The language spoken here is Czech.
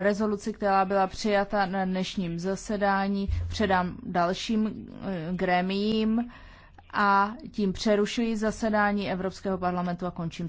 rezoluci, která byla přijata na dnešním zasedání, předám dalším eh, gremiím a tím přerušuji zasedání Evropského parlamentu a končím.